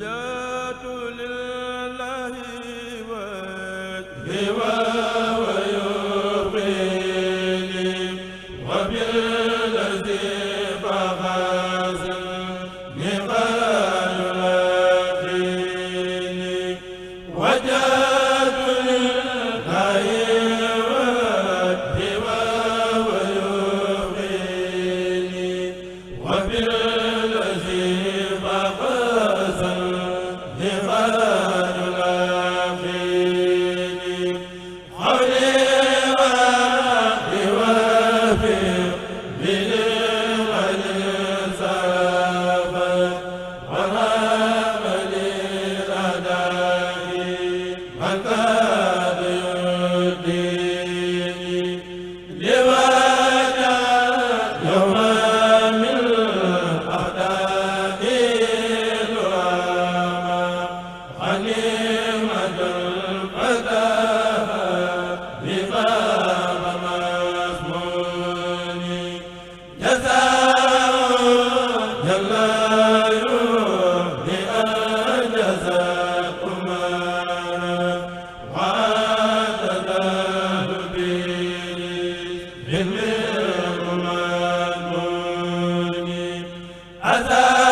jaatul laahi wa azza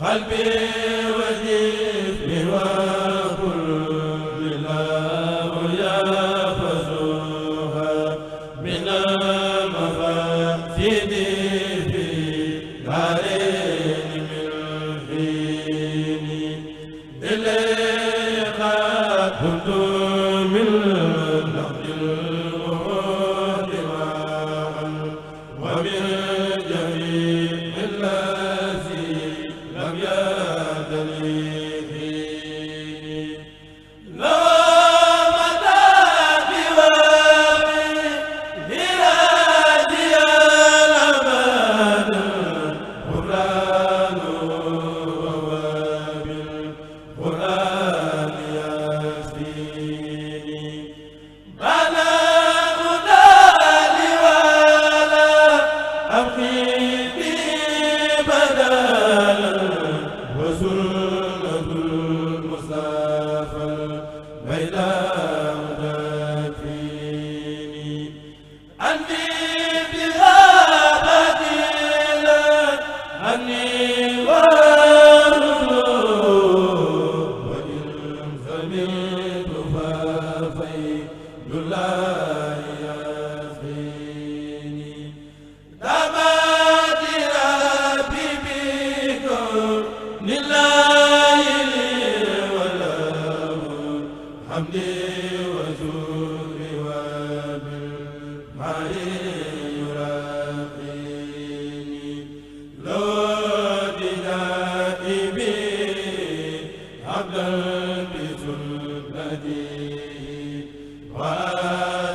qalbi wa jismi wa a البديع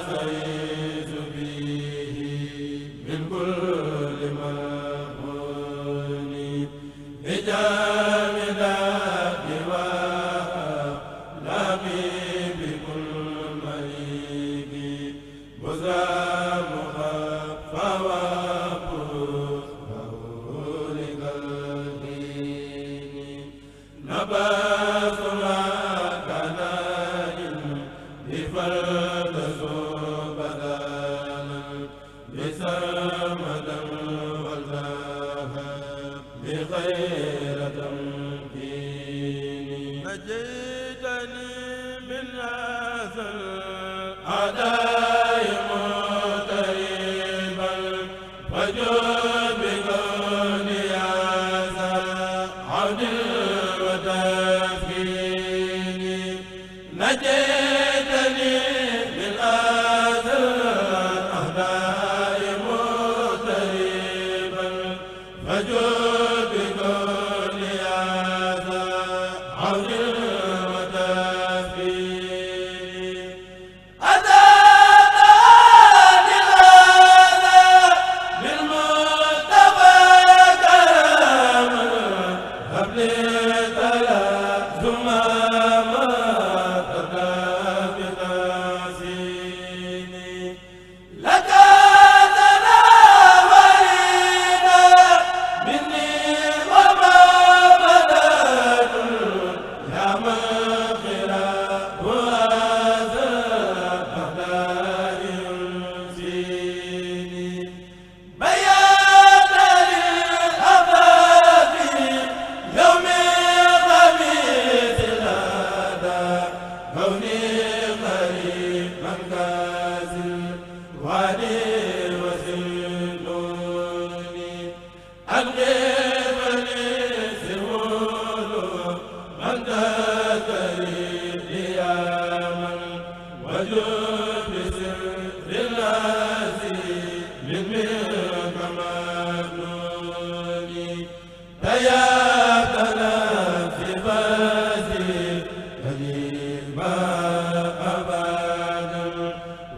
جئتني من هذا العذاب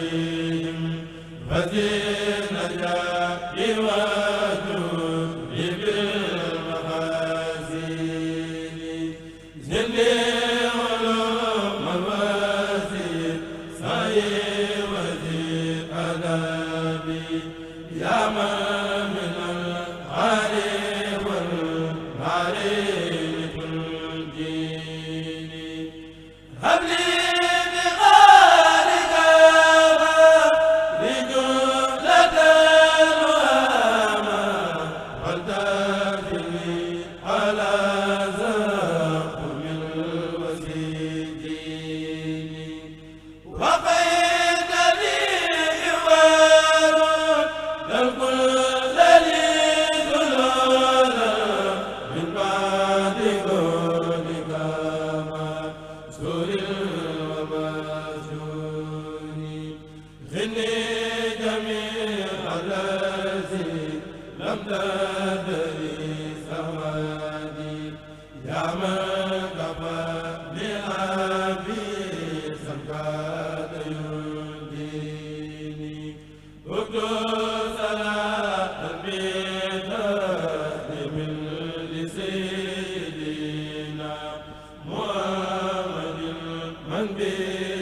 yaa ma min al xaari wal maari wa bi